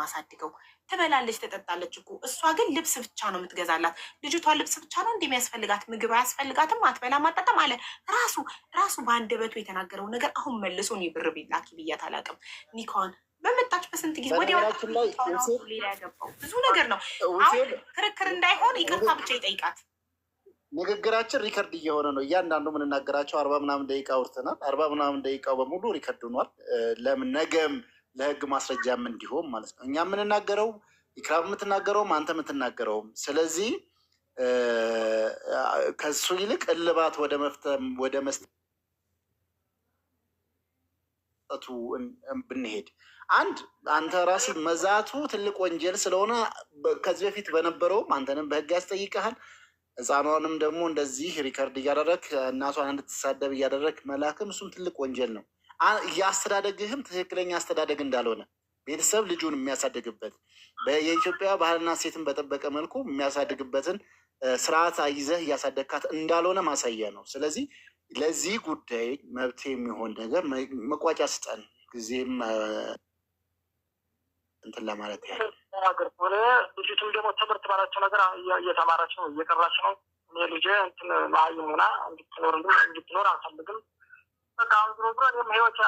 ማሳድገው ትበላለች፣ ትጠጣለች እኮ እሷ ግን ልብስ ብቻ ነው የምትገዛላት። ልጅቷ ልብስ ብቻ ነው እንደሚያስፈልጋት ምግብ አያስፈልጋትም፣ አትበላ ማጣጣም አለ። ራሱ ራሱ በአንደበቱ የተናገረው ነገር አሁን መልሶ እኔ ብር ቢላኪ ብያት አላውቅም። ኒካን በመጣች በስንት ጊዜ ወዲ ሌላ ያገባው ብዙ ነገር ነው። አሁን ክርክር እንዳይሆን ይቅርታ ብቻ ይጠይቃት። ንግግራችን ሪከርድ እየሆነ ነው። እያንዳንዱ የምንናገራቸው አርባ ምናምን ደቂቃ ውርትናል። አርባ ምናምን ደቂቃው በሙሉ ሪከርድ ሆኗል። ለምን ነገም ለህግ ማስረጃም እንዲሆን ማለት ነው። እኛ የምንናገረው ኢክራም የምትናገረውም አንተ የምትናገረውም። ስለዚህ ከሱ ይልቅ እልባት ወደ መስጠቱ ብንሄድ አንድ አንተ ራስ መዛቱ ትልቅ ወንጀል ስለሆነ ከዚህ በፊት በነበረውም አንተንም በህግ ያስጠይቀሃል። ህፃኗንም ደግሞ እንደዚህ ሪከርድ እያደረግ እናቷን እንድትሳደብ እያደረግ መላክም እሱም ትልቅ ወንጀል ነው። የአስተዳደግህም ትክክለኛ አስተዳደግ እንዳልሆነ ቤተሰብ ልጁን የሚያሳድግበት የኢትዮጵያ ባህልና ሴትን በጠበቀ መልኩ የሚያሳድግበትን ስርዓት ይዘህ እያሳደግካት እንዳልሆነ ማሳያ ነው። ስለዚህ ለዚህ ጉዳይ መብት የሚሆን ነገር መቋጫ ስጠን ጊዜም እንትን ለማለት ያህል ነገር ከሆነ ልጅቱም ደግሞ ትምህርት ባላቸው ነገር እየተማራች ነው፣ እየቀራች ነው። ልጄ እንትን መሀይም ሆና እንድትኖር እንድትኖር አልፈልግም በቃ ዝሮ ዝሮ እኔም ህይወት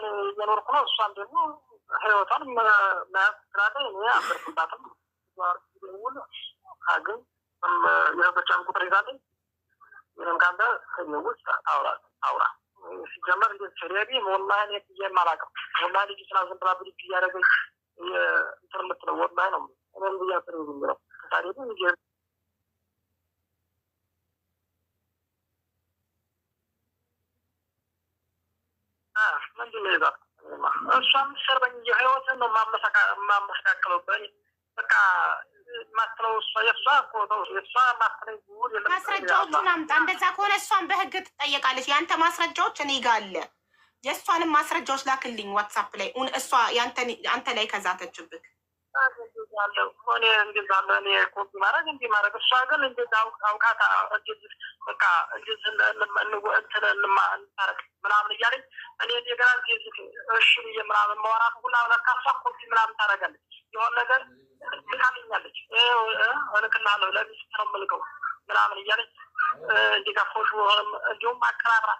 እየኖርኩ ነው። እሷን ደግሞ ህይወቷን መያዝ ስላለ እኔ አበርክባትም ውል ካገኝ የህጎቻን ቁጥር ይዛለኝ ይህም ካለ ውስጥ አውራ አውራ ሲጀመር እንዴት ሰሪያቢ ወላሂ እኔ ብዬም አላውቅም። ወላሂ ልጅ ስና ዝም ብላ ብድግ እያደረገኝ እንትን የምትለው ወላሂ ነው እኔም ብያ ስር ታሪ ታዲያ ይዛል። እሷም ሰርበኝ ህይወትን ነው ማመሰቃቅለብኝ በቃ ማስለው እሷ የእሷ የእሷ እንደዛ ከሆነ እሷን በህግ ትጠየቃለች። የአንተ ማስረጃዎች እኔ ጋ አለ። የእሷንም ማስረጃዎች ላክልኝ ዋትሳፕ ላይ እሷ አንተ ላይ ከዛተችብክ ማድረግ ማድረግ እሷ ግን እኔ ዜጋ ጊዜ እሺ ብዬ ምናምን መዋራት ሁላ ለካሷ ኮፊ ምናምን ታደርጋለች የሆን ነገር ትካልኛለች እልክልሃለሁ ለሚስት ነው የምልከው ምናምን እያለች ዜጋ ፎሽ ሆንም እንዲሁም አቀራብራ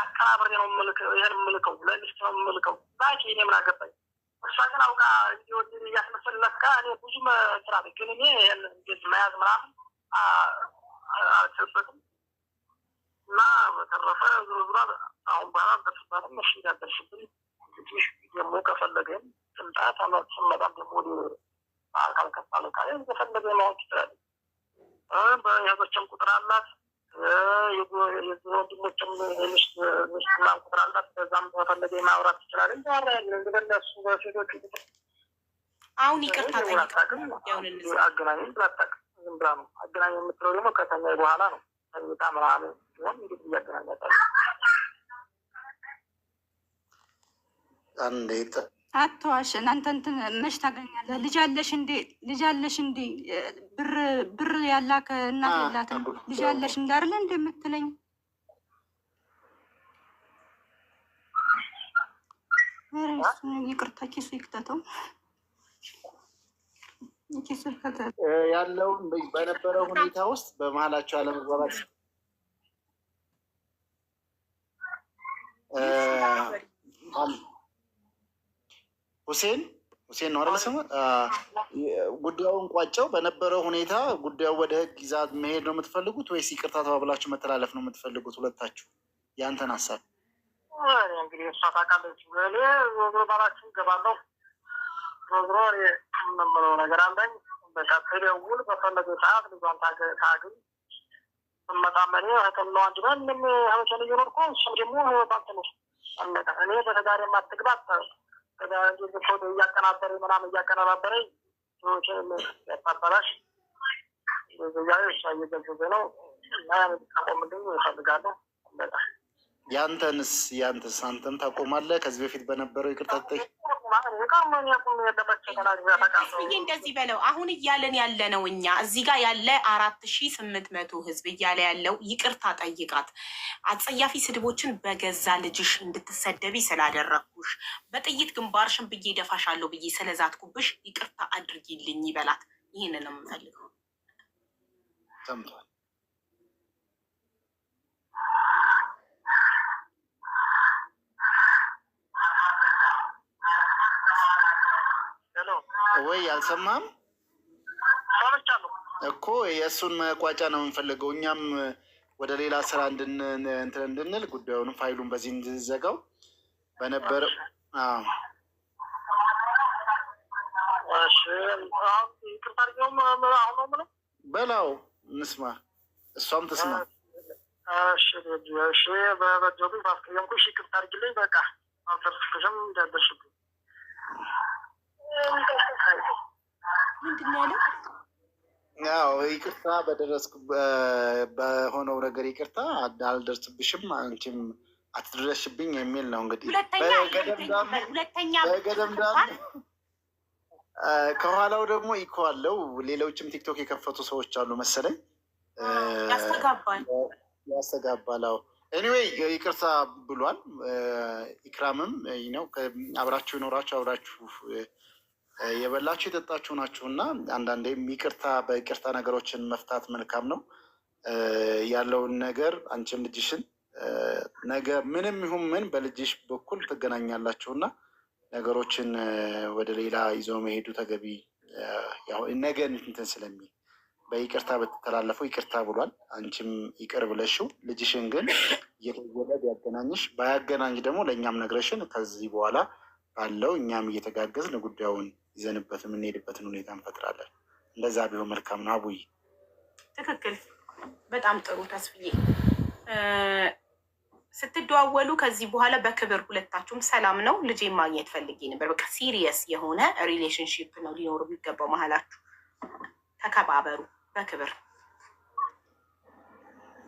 አቀራብሬ ነው ምልክ ይህን የምልከው ለሚስት ነው የምልከው ባኪ እኔ ምን አገባኝ። እሷ ግን አውቃ እንዲወድ እያስመስል ለካ እኔ ብዙ ስራለ ግን እኔ ይህን እንዴት መያዝ ምናምን አልችልበትም እና በተረፈ ዙሮ ዙሮ አሁን ባላደርስበትም እሺ ያደርስብን ትንሽ ደግሞ ከፈለገን ስምጣ ስመጣም ደግሞ ወደ አካል ከፋለ ቃ እንደፈለገ ማወቅ ይችላል። በያዞችም ቁጥር አላት የወንድሞችም ሚስትና ቁጥር አላት። በዛም በፈለገ ማውራት ይችላል። እንዲያራያለን እንደሱ በሴቶቹ ቁጥር አሁን ይቅርታ ጠይቅግን አገናኝ ላታቅ ዝም ብላ ነው አገናኝ የምትለው ደግሞ ከተኛ በኋላ ነው ሚጣ ምናምን ሲሆን እንግዲህ እያገናኛታል አንዴት አትዋሽ። እናንተ እንትን መች ታገኛለህ? ልጅ አለሽ እንዴ? ልጅ አለሽ እንዴ? ብር ብር ያላከ እናት የላትም። ልጅ አለሽ እንዳርለ እንደ የምትለኝ ይቅርታ፣ ኪሱ ይክተተው ኪሱ ያለውን በነበረው ሁኔታ ውስጥ በመሀላቸው አለመግባባት አለ። ሁሴን ሁሴን ነው አይደል ስሙ። ጉዳዩን ቋጨው። በነበረው ሁኔታ ጉዳዩ ወደ ህግ ይዛ መሄድ ነው የምትፈልጉት ወይስ ይቅርታ ተባብላችሁ መተላለፍ ነው የምትፈልጉት? ሁለታችሁ ያንተን ሀሳብ እንግዲህ እሷ ታውቃለች። እኔ ዞሮ ባላችሁ እገባለሁ። ዞሮ የምንምለው ነገር አለኝ። በቃ ትደውል፣ በፈለገ ሰዓት ልጇን ታግኝ። መጣመኔ ህክምና አንድ ማንም ሀበሻ ልዩ ኖርኮ እሱም ደግሞ ባልትነሽ እኔ በተጋሪ ማትግባት እያቀናበረ ምናምን እያቀነባበረ ችን ያታበላሽ ዛሬ እየገዘዘ ነው እና ታቆምልኝ እፈልጋለሁ በጣም ያንተንስ ያንተስ አንተን ታቆማለህ ከዚህ በፊት በነበረው ይቅርታ እንደዚህ በለው። አሁን እያለን ያለ ነው እኛ እዚህ ጋር ያለ አራት ሺ ስምንት መቶ ህዝብ እያለ ያለው ይቅርታ ጠይቃት። አጸያፊ ስድቦችን በገዛ ልጅሽ እንድትሰደቢ ስላደረግኩሽ በጥይት ግንባርሽን ብዬ ደፋሻለሁ ብዬ ስለዛትኩብሽ ይቅርታ አድርጊልኝ ይበላት። ይህንን ነው የምፈልገው። ወይ አልሰማም እኮ የእሱን መቋጫ ነው የምንፈልገው። እኛም ወደ ሌላ ስራ እንትን እንድንል ጉዳዩን ፋይሉን በዚህ እንድንዘጋው በነበረው በላው እንስማ፣ እሷም ትስማ። በበጀቱ ባስቀየምኩሽ ይቅርታ አድርጊልኝ። በቃ አልፈርስክሽም እንዳደርሽብኝ ያው ይቅርታ በደረስኩ በሆነው ነገር ይቅርታ አልደርስብሽም፣ አንቺም አትድረሽብኝ የሚል ነው። እንግዲህ ከኋላው ደግሞ ኢኮ አለው። ሌሎችም ቲክቶክ የከፈቱ ሰዎች አሉ መሰለኝ። ያስተጋባላው ኤኒዌይ ይቅርታ ብሏል። ኢክራምም ነው አብራችሁ ይኖራችሁ አብራችሁ የበላችሁ የጠጣችሁ ናችሁ እና አንዳንዴም ይቅርታ በይቅርታ ነገሮችን መፍታት መልካም ነው። ያለውን ነገር አንቺም ልጅሽን ነገ ምንም ይሁን ምን በልጅሽ በኩል ትገናኛላችሁ እና ነገሮችን ወደ ሌላ ይዞ መሄዱ ተገቢ ነገ እንትን ስለሚል በይቅርታ በተተላለፈው ይቅርታ ብሏል። አንቺም ይቅር ብለሽው ልጅሽን ግን እየተወለ ቢያገናኝሽ ባያገናኝ ደግሞ ለእኛም ነግረሽን ከዚህ በኋላ ባለው እኛም እየተጋገዝን ጉዳዩን ይዘንበት የምንሄድበትን ሁኔታ እንፈጥራለን። እንደዛ ቢሆን መልካም ነው። አቡይ ትክክል። በጣም ጥሩ ተስፍዬ። ስትደዋወሉ ከዚህ በኋላ በክብር ሁለታችሁም ሰላም ነው። ልጄ ማግኘት ፈልጌ ነበር። በቃ ሲሪየስ የሆነ ሪሌሽንሽፕ ነው ሊኖሩ የሚገባው መሀላችሁ። ተከባበሩ በክብር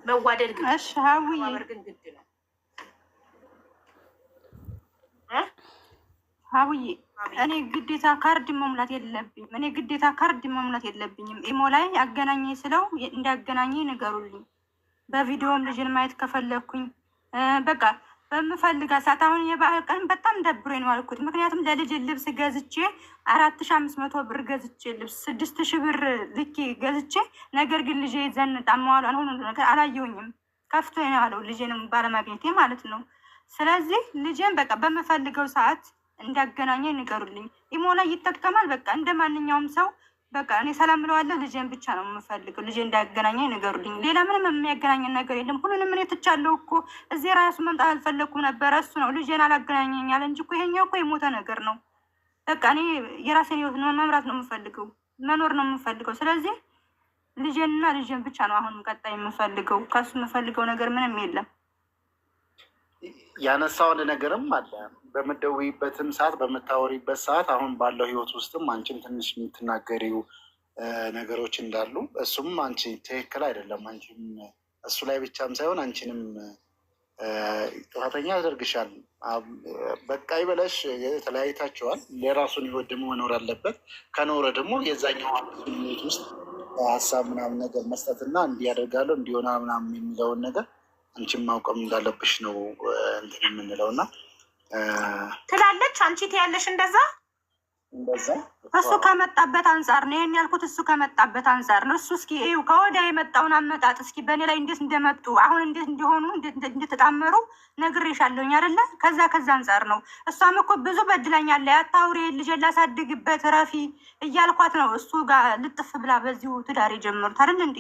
መዋደድ ግን ግድ ነው። አብዬ እኔ ግዴታ ካርድ መሙላት የለብኝም። እኔ ግዴታ ካርድ መሙላት የለብኝም። ኢሞ ላይ አገናኘ ስለው እንዳገናኘ ንገሩልኝ። በቪዲዮም ልጅን ማየት ከፈለግኩኝ በቃ በምፈልጋ ሰዓት አሁን የበዓል ቀን በጣም ደብሮ ነው አልኩት። ምክንያቱም ለልጅ ልብስ ገዝቼ አራት ሺ አምስት መቶ ብር ገዝቼ ልብስ ስድስት ሺ ብር ልኬ ገዝቼ ነገር ግን ልጅ ዘንጣ መዋሏን ሁሉ ነገር አላየውኝም። ከፍቶ ነው ያለው ልጅንም ባለማግኘቴ ማለት ነው። ስለዚህ ልጅን በቃ በምፈልገው ሰዓት እንዳገናኘ ንገሩልኝ። ኢሞ ላይ ይጠቀማል። በቃ እንደ ማንኛውም ሰው በቃ እኔ ሰላም ብለዋለሁ። ልጄን ብቻ ነው የምፈልገው። ልጄ እንዳያገናኘ ንገሩልኝ። ሌላ ምንም የሚያገናኘን ነገር የለም። ሁሉንም እኔ ትቻለሁ እኮ እዚህ ራሱ መምጣት አልፈለኩም ነበረ። እሱ ነው ልጄን አላገናኘኛል እንጂ እኮ ይሄኛው እኮ የሞተ ነገር ነው። በቃ እኔ የራሴን ህይወት መምራት ነው የምፈልገው፣ መኖር ነው የምፈልገው። ስለዚህ ልጄንና ልጄን ብቻ ነው አሁንም ቀጣይ የምፈልገው። ከሱ የምፈልገው ነገር ምንም የለም። ያነሳውን ነገርም አለ። በምትደውይበትም ሰዓት በምታወሪበት ሰዓት አሁን ባለው ህይወት ውስጥም አንቺም ትንሽ የምትናገሪው ነገሮች እንዳሉ እሱም አንቺ ትክክል አይደለም። አንቺም እሱ ላይ ብቻም ሳይሆን አንቺንም ጥፋተኛ ያደርግሻል። በቃይ በለሽ ተለያይታቸዋል። የራሱን ህይወት ደግሞ መኖር አለበት። ከኖረ ደግሞ የዛኛው ውስጥ ሀሳብ ምናምን ነገር መስጠትና እንዲያደርጋለሁ እንዲሆና ምናምን የሚለውን ነገር አንቺም ማውቀም እንዳለብሽ ነው እንትን የምንለው እና ትላለች። አንቺ ትያለሽ እንደዛ እንደዛ እሱ ከመጣበት አንጻር ነው ይህን ያልኩት። እሱ ከመጣበት አንጻር ነው። እሱ እስኪ ይኸው ከወዲያ የመጣውን አመጣጥ እስኪ በእኔ ላይ እንዴት እንደመጡ አሁን እንዴት እንደሆኑ እንደተጣመሩ ነግሬሻለሁኝ አይደለ? ከዛ ከዛ አንጻር ነው። እሷም እኮ ብዙ በድላኛለ። ያታውሪ ልጅ ላሳድግበት፣ ረፊ እያልኳት ነው። እሱ ጋር ልጥፍ ብላ በዚሁ ትዳር የጀመሩት አይደል እንዴ?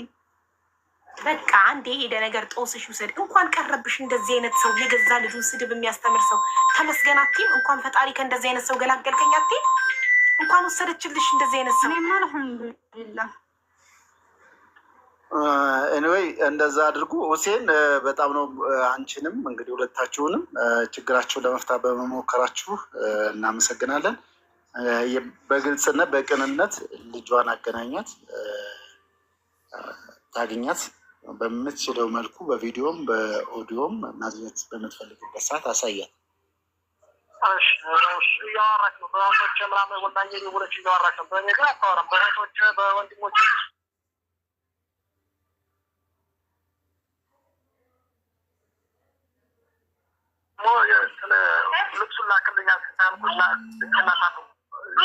በቃ አንድ የሄደ ነገር ጦስሽ ውሰድ። እንኳን ቀረብሽ እንደዚህ አይነት ሰው የገዛ ልጁን ስድብ የሚያስተምር ሰው ተመስገን አትይም? እንኳን ፈጣሪ ከእንደዚህ አይነት ሰው ገላገልከኝ አትይም? እንኳን ወሰደችልሽ እንደዚህ አይነት ሰው። ኤኒዌይ እንደዛ አድርጉ። ሁሴን በጣም ነው አንቺንም እንግዲህ ሁለታችሁንም ችግራችሁን ለመፍታት በመሞከራችሁ እናመሰግናለን። በግልጽነት በቅንነት ልጇን አገናኛት ታግኛት። በምትችለው መልኩ በቪዲዮም በኦዲዮም ማግኘት በምትፈልግበት ሰዓት አሳያል። እያወራች ነው በእህቶች ምናምን ወንዳየ የሆነች እያወራች ነው። በእኔ ግን አታወራም። በእህቶች በወንድሞች ልብሱን ላክልኛ ስታልኩላ ልክናታ ነው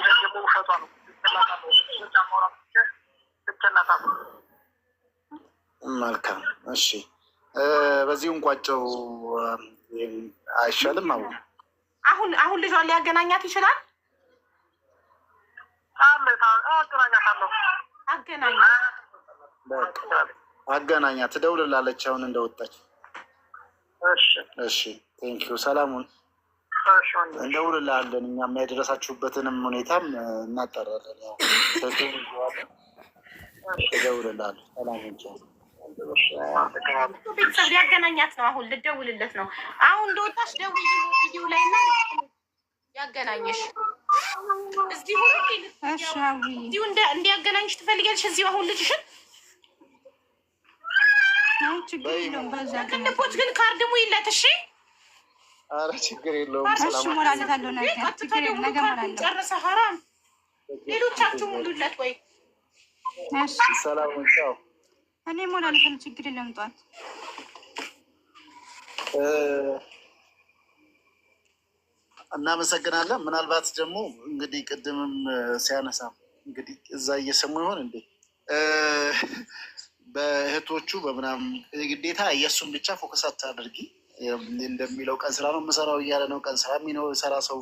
ደግሞ ውሸቷ ነው ልክናታ ነው ልጫ ማውራት ነው መልካም እሺ፣ በዚህ እንቋጨው አይሻልም? አሁን አሁን አሁን ልጇን ሊያገናኛት ይችላል። አገናኛት፣ ትደውልላለች አሁን እንደወጣች። እሺ፣ ቴንኪዩ። ሰላሙን እንደውልላለን። እኛም የደረሳችሁበትንም ሁኔታም እናጠራለን። ያው ደውልላለን። ሰላሙን ቤተሰብ ሊያገናኛት ነው። አሁን ልደውልለት ነው። አሁን እንደወጣሽ ደውዪው ላይ እና ያገናኘሽ እዚሁ እዚሁ እንዲያገናኝሽ ትፈልጊያለሽ? እዚሁ አሁን ልጅሽን ቅንቦት ግን ካርድ ሙይለት። እሺ፣ ኧረ ችግር የለውም። ጨርሰ ሌሎቻችሁ ሙሉለት ወይ ሰላም እኔ ሞላለሁ። ችግር የለም። ጧት እናመሰግናለን። ምናልባት ደግሞ እንግዲህ ቅድምም ሲያነሳም እንግዲህ እዛ እየሰሙ ይሆን እንዴ በእህቶቹ በምናምን ግዴታ እየሱን ብቻ ፎከስ አታድርጊ እንደሚለው ቀን ስራ ነው የምሰራው እያለ ነው። ቀን ስራ የሚኖር ሰራ ሰው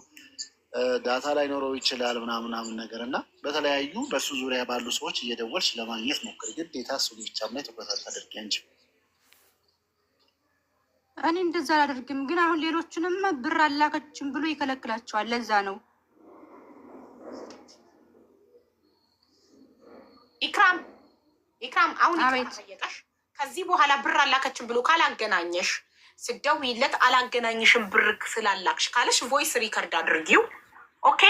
ዳታ ላይ ኖረው ይችላል ምናምናምን ነገር እና በተለያዩ በእሱ ዙሪያ ባሉ ሰዎች እየደወልሽ ለማግኘት ሞክር። ግዴታ እሱ ብቻ ላይ ትኩረት አታድርጊ እንጂ እኔ እንደዛ አላደርግም። ግን አሁን ሌሎቹንም ብር አላከችም ብሎ ይከለክላቸዋል። ለዛ ነው ኢክራም ኢክራም አሁን ጠየቀሽ። ከዚህ በኋላ ብር አላከችም ብሎ ካላገናኘሽ ስደውይለት አላገናኝሽም ብር ስላላክሽ ካለሽ ቮይስ ሪከርድ አድርጊው። ኦኬ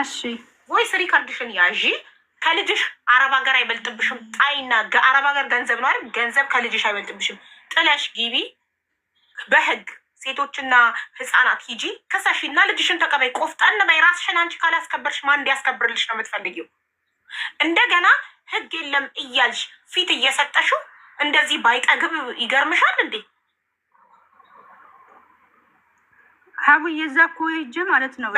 እሺ። ቮይስ ሪከርድሽን ያዢ። ከልጅሽ አረብ ሀገር አይበልጥብሽም። ጣይና አረብ ሀገር ገንዘብ ነው አይደል? ገንዘብ ከልጅሽ አይበልጥብሽም። ጥለሽ ጊቢ በህግ ሴቶችና ህፃናት ሂጂ ክሰሺና ልጅሽን ተቀበይ። ቆፍጠን በይ። ራስሽን አንቺ ካላስከበርሽ ማን እንዲያስከብርልሽ ነው የምትፈልጊው? እንደገና ህግ የለም እያልሽ ፊት እየሰጠሽው እንደዚህ ባይጠግብ ይገርምሻል እንዴ? ሀቡ የዛ እኮ ሂጅ ማለት ነው።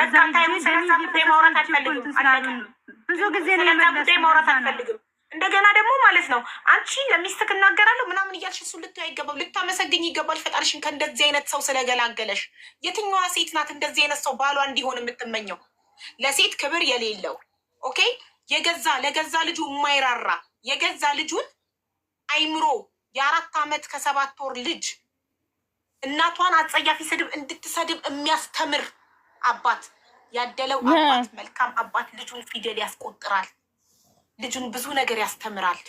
ብዙ ጊዜ አልፈልግም። እንደገና ደግሞ ማለት ነው አንቺ ለሚስትክ እናገራለሁ ምናምን እያልሽ ልት አይገባም። ልታመሰግኝ ይገባል ፈጣሪሽን ከእንደዚህ አይነት ሰው ስለገላገለሽ። የትኛዋ ሴት ናት እንደዚህ አይነት ሰው ባሏ እንዲሆን የምትመኘው? ለሴት ክብር የሌለው ኦኬ፣ የገዛ ለገዛ ልጁ የማይራራ የገዛ ልጁን አይምሮ የአራት ዓመት ከሰባት ወር ልጅ እናቷን አጸያፊ ስድብ እንድትሰድብ የሚያስተምር አባት ያደለው አባት መልካም አባት ልጁን ፊደል ያስቆጥራል። ልጁን ብዙ ነገር ያስተምራል።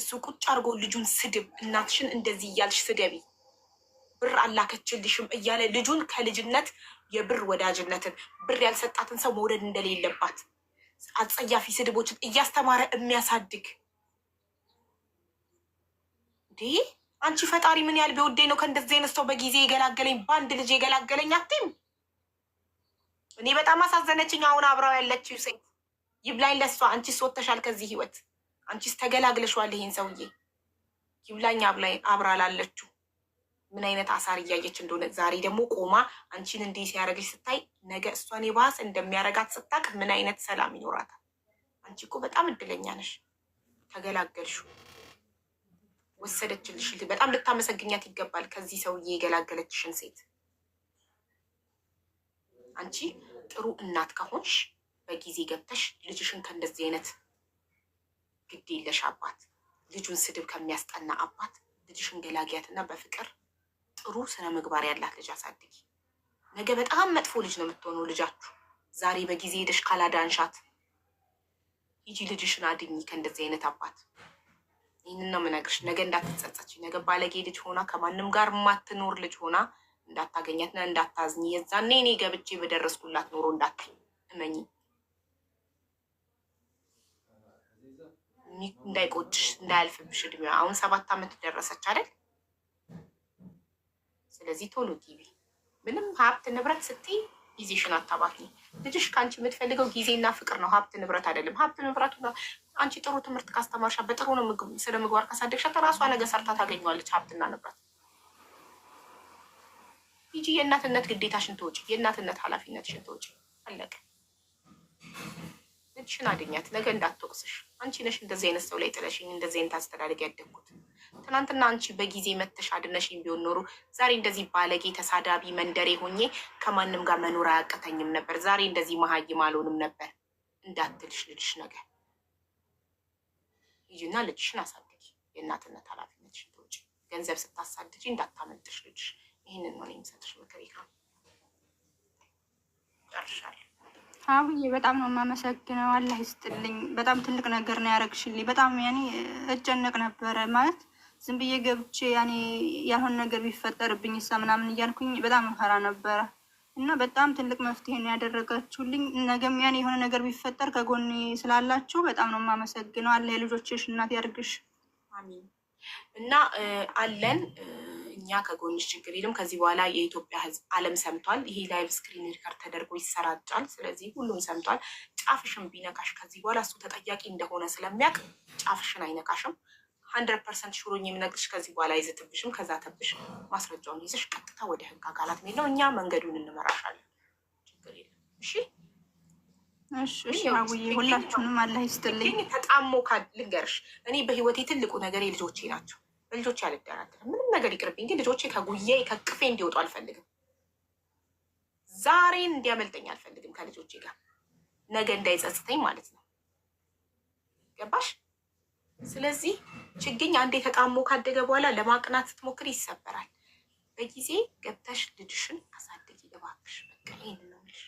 እሱ ቁጭ አድርጎ ልጁን ስድብ፣ እናትሽን እንደዚህ እያልሽ ስደቢ፣ ብር አላከችልሽም እያለ ልጁን ከልጅነት የብር ወዳጅነትን ብር ያልሰጣትን ሰው መውደድ እንደሌለባት አጸያፊ ስድቦችን እያስተማረ የሚያሳድግ እንዲህ አንቺ ፈጣሪ ምን ያህል በውዴ ነው ከእንደዚህ አይነት ሰው በጊዜ የገላገለኝ በአንድ ልጅ የገላገለኝ አትይም። እኔ በጣም አሳዘነችኝ። አሁን አብራው ያለችው ሴት ይብላኝ ለሷ። አንቺስ ወጥተሻል ከዚህ ህይወት፣ አንቺስ ተገላግለሽዋል ይሄን ሰውዬ። ይብላኝ አብራ ላለችው ምን አይነት አሳር እያየች እንደሆነ ዛሬ ደግሞ ቆማ አንቺን እንዲህ ሲያደርግሽ ስታይ ነገ እሷን የባስ እንደሚያደርጋት ስታቅ ምን አይነት ሰላም ይኖራታል? አንቺ እኮ በጣም እድለኛ ነሽ፣ ተገላገልሽው። ወሰደችልሽ። በጣም ልታመሰግኛት ይገባል። ከዚህ ሰውዬ የገላገለችሽን ሴት አንቺ ጥሩ እናት ከሆንሽ በጊዜ ገብተሽ ልጅሽን ከእንደዚህ አይነት ግድ የለሽ አባት ልጁን ስድብ ከሚያስጠና አባት ልጅሽን ገላጊያትና በፍቅር ጥሩ ስነ ምግባር ያላት ልጅ አሳድጊ። ነገ በጣም መጥፎ ልጅ ነው የምትሆነው ልጃችሁ። ዛሬ በጊዜ ሄደሽ ካላዳንሻት፣ ሂጂ ልጅሽን አድኝ ከእንደዚህ አይነት አባት ይህንን ነው የምነግርሽ። ነገ እንዳትጸጸች፣ ነገ ባለጌ ልጅ ሆና ከማንም ጋር ማትኖር ልጅ ሆና እንዳታገኛትና እንዳታዝኝ። የዛኔ እኔ ገብቼ በደረስኩላት ኖሮ እንዳትኝ፣ እመኝ። እንዳይቆጭሽ እንዳያልፍብሽ እድሜ አሁን ሰባት ዓመት ደረሰች አይደል? ስለዚህ ቶሎ ቲቪ ምንም ሀብት ንብረት ስትይ ጊዜሽን አታባክኝ። ልጅሽ ከአንቺ የምትፈልገው ጊዜና ፍቅር ነው፣ ሀብት ንብረት አይደለም። ሀብት ንብረቱ አንቺ ጥሩ ትምህርት ካስተማርሻ በጥሩ ስለ ምግባር ካሳደግሻ ራሷ ነገ ሰርታ ታገኘዋለች ሀብትና ንብረት። ሂጂ የእናትነት ግዴታሽን ተወጪ፣ የእናትነት ኃላፊነትሽን ተወጪ። አለቀ። ልጅሽን አድኛት። ነገ እንዳትወቅስሽ። አንቺ ነሽ እንደዚህ አይነት ሰው ላይ ጥለሽኝ እንደዚህ አይነት አስተዳደግ ያደግኩት። ትናንትና አንቺ በጊዜ መተሽ አድነሽኝ ቢሆን ኖሮ ዛሬ እንደዚህ ባለጌ፣ ተሳዳቢ፣ መንደሬ ሆኜ ከማንም ጋር መኖር አያቅተኝም ነበር። ዛሬ እንደዚህ መሀይም አልሆንም ነበር እንዳትልሽ ልጅሽ ነገ። ልጅና ልጅሽን አሳድጊ። የእናትነት ኃላፊነትሽን ተወጪ። ገንዘብ ስታሳድጂ እንዳታመልጥሽ ልጅሽ። ይህንን ነው የምሰጥሽ ምክር። ይካል ጨርሻለሁ። አብዬ በጣም ነው የማመሰግነው። አላህ ይስጥልኝ። በጣም ትልቅ ነገር ነው ያደረግሽልኝ። በጣም ያኔ እጨነቅ ነበረ ማለት ዝም ብዬ ገብቼ ያኔ ያልሆነ ነገር ቢፈጠርብኝ እሳ ምናምን እያልኩኝ በጣም እንፈራ ነበረ እና በጣም ትልቅ መፍትሄ ነው ያደረጋችሁልኝ። ነገም ያኔ የሆነ ነገር ቢፈጠር ከጎኔ ስላላችሁ በጣም ነው የማመሰግነው። አላህ የልጆችሽ እናት ያድርግሽ። አሚን እና አለን እኛ ከጎንሽ ችግር የለም። ከዚህ በኋላ የኢትዮጵያ ህዝብ አለም ሰምቷል። ይሄ ላይቭ ስክሪን ሪከርድ ተደርጎ ይሰራጫል። ስለዚህ ሁሉም ሰምቷል። ጫፍሽን ቢነካሽ ከዚህ በኋላ እሱ ተጠያቂ እንደሆነ ስለሚያውቅ ጫፍሽን አይነካሽም። ሀንድረድ ፐርሰንት ሽሮኝ የምነግርሽ ከዚህ በኋላ አይዘትብሽም። ከዛ ተብሽ ማስረጃውን ይዘሽ ቀጥታ ወደ ህግ አካላት መሄድ ነው። እኛ መንገዱን እንመራሻለን። ችግር የለም። እሺ ሁላችሁንም አላህ ይስጥልኝ። ተጣሞ ልንገርሽ፣ እኔ በህይወቴ ትልቁ ነገር የልጆቼ ናቸው በልጆች አልደራደርም። ምንም ነገር ይቅርብኝ፣ ግን ልጆቼ ከጉዬ ከቅፌ እንዲወጡ አልፈልግም። ዛሬን እንዲያመልጠኝ አልፈልግም ከልጆቼ ጋር ነገ እንዳይጸጽተኝ ማለት ነው። ገባሽ? ስለዚህ ችግኝ አንዴ ተቃሞ ካደገ በኋላ ለማቅናት ስትሞክር ይሰበራል። በጊዜ ገብተሽ ልጅሽን አሳድጊ እባክሽ። በቃ ነው የምልሽ።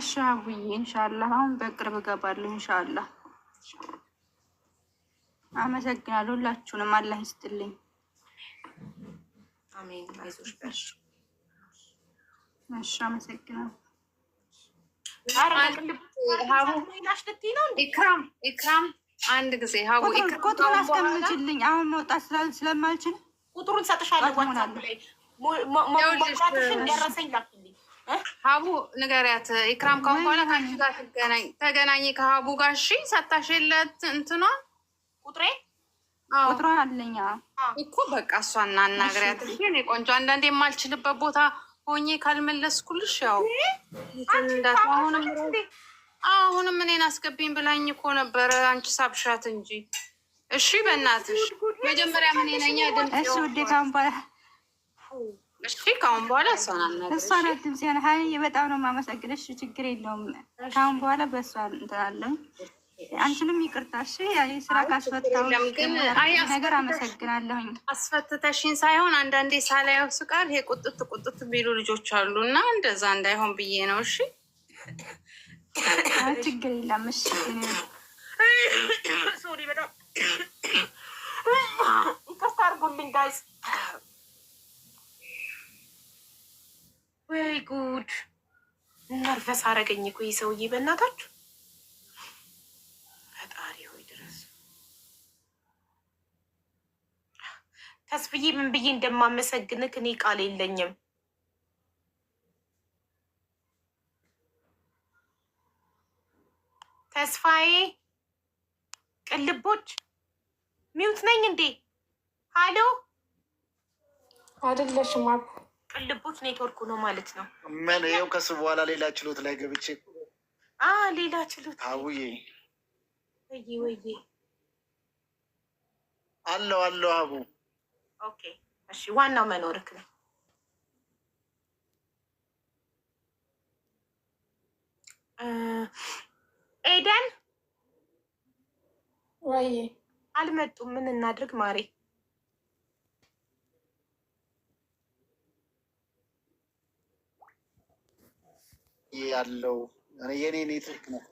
እሺ አቡዬ፣ ኢንሻላህ አሁን በቅርብ እገባለሁ ኢንሻላህ። አመሰግናለሁ። ሁላችሁንም አላህ ይስጥልኝ። አሜን። አይዞሽ በርሽ። እሺ፣ አመሰግናለሁ። ኢክራም አንድ ጊዜ ሀቡ ቁጥሩን አሁን መውጣት ስለማልችል ቁጥሩን ሰጥሻለሁ። ደረሰኝ ሀቡ ንገሪያት። ኢክራም ከሆነ ከአንቺ ጋር ትገናኝ ተገናኝ ከሀቡ ጋር እሺ። ሰታሽለት እንትኗ ቁጥሬ ቁጥሯ አለኝ እኮ በቃ እሷ እናናግሪያት። እኔ ቆንጆ አንዳንዴ የማልችልበት ቦታ ሆኜ ካልመለስኩልሽ ያው እንዳትሆንም አሁንም እኔን አስገብኝ ብላኝ እኮ ነበረ። አንቺ ሳብሻት እንጂ እሺ፣ በእናትሽ መጀመሪያ ምን ነኛ ድምፅ ውዴ። ካሁን በኋላ እሺ፣ ካሁን በኋላ እሷን አናግረሽ። እሷ ናት ሀይ በጣም ነው የማመሰግነሽ። ችግር የለውም። ካሁን በኋላ በእሷ እንትን አለኝ አንቺንም ይቅርታ እሺ። ስራ ካስፈታሁሽ ነገር አመሰግናለሁኝ። አስፈትተሽን ሳይሆን አንዳንዴ ሳላየው ስቀር ይሄ ቁጥት ቁጥት ቢሉ ልጆች አሉ እና እንደዛ እንዳይሆን ብዬ ነው። እሺ ችግር የለም። እሺ ሶሪ፣ በጣም ይቅርታ አድርጉልኝ ጋይዝ። ወይ ጉድ! ነርቨስ አረገኝ እኮ ይህ ሰውዬ በእናታችሁ ተስፍዬ ምን ብዬ እንደማመሰግንክ እኔ ቃል የለኝም። ተስፋዬ ቅልቦች ሚውት ነኝ እንዴ? አሎ አይደለሽም። አ ቅልቦች ኔትወርኩ ነው ማለት ነው። ምን ይኸው ከስ በኋላ ሌላ ችሎት ላይ ገብቼ ሌላ ችሎት አውዬ ወይ ወይ አለው አለው አቡ ኦኬ እሺ፣ ዋናው መኖርክ ነው። ኤደን ወይ አልመጡም። ምን እናድርግ ማሬ? ያለው የኔ ኔትወርክ ነው።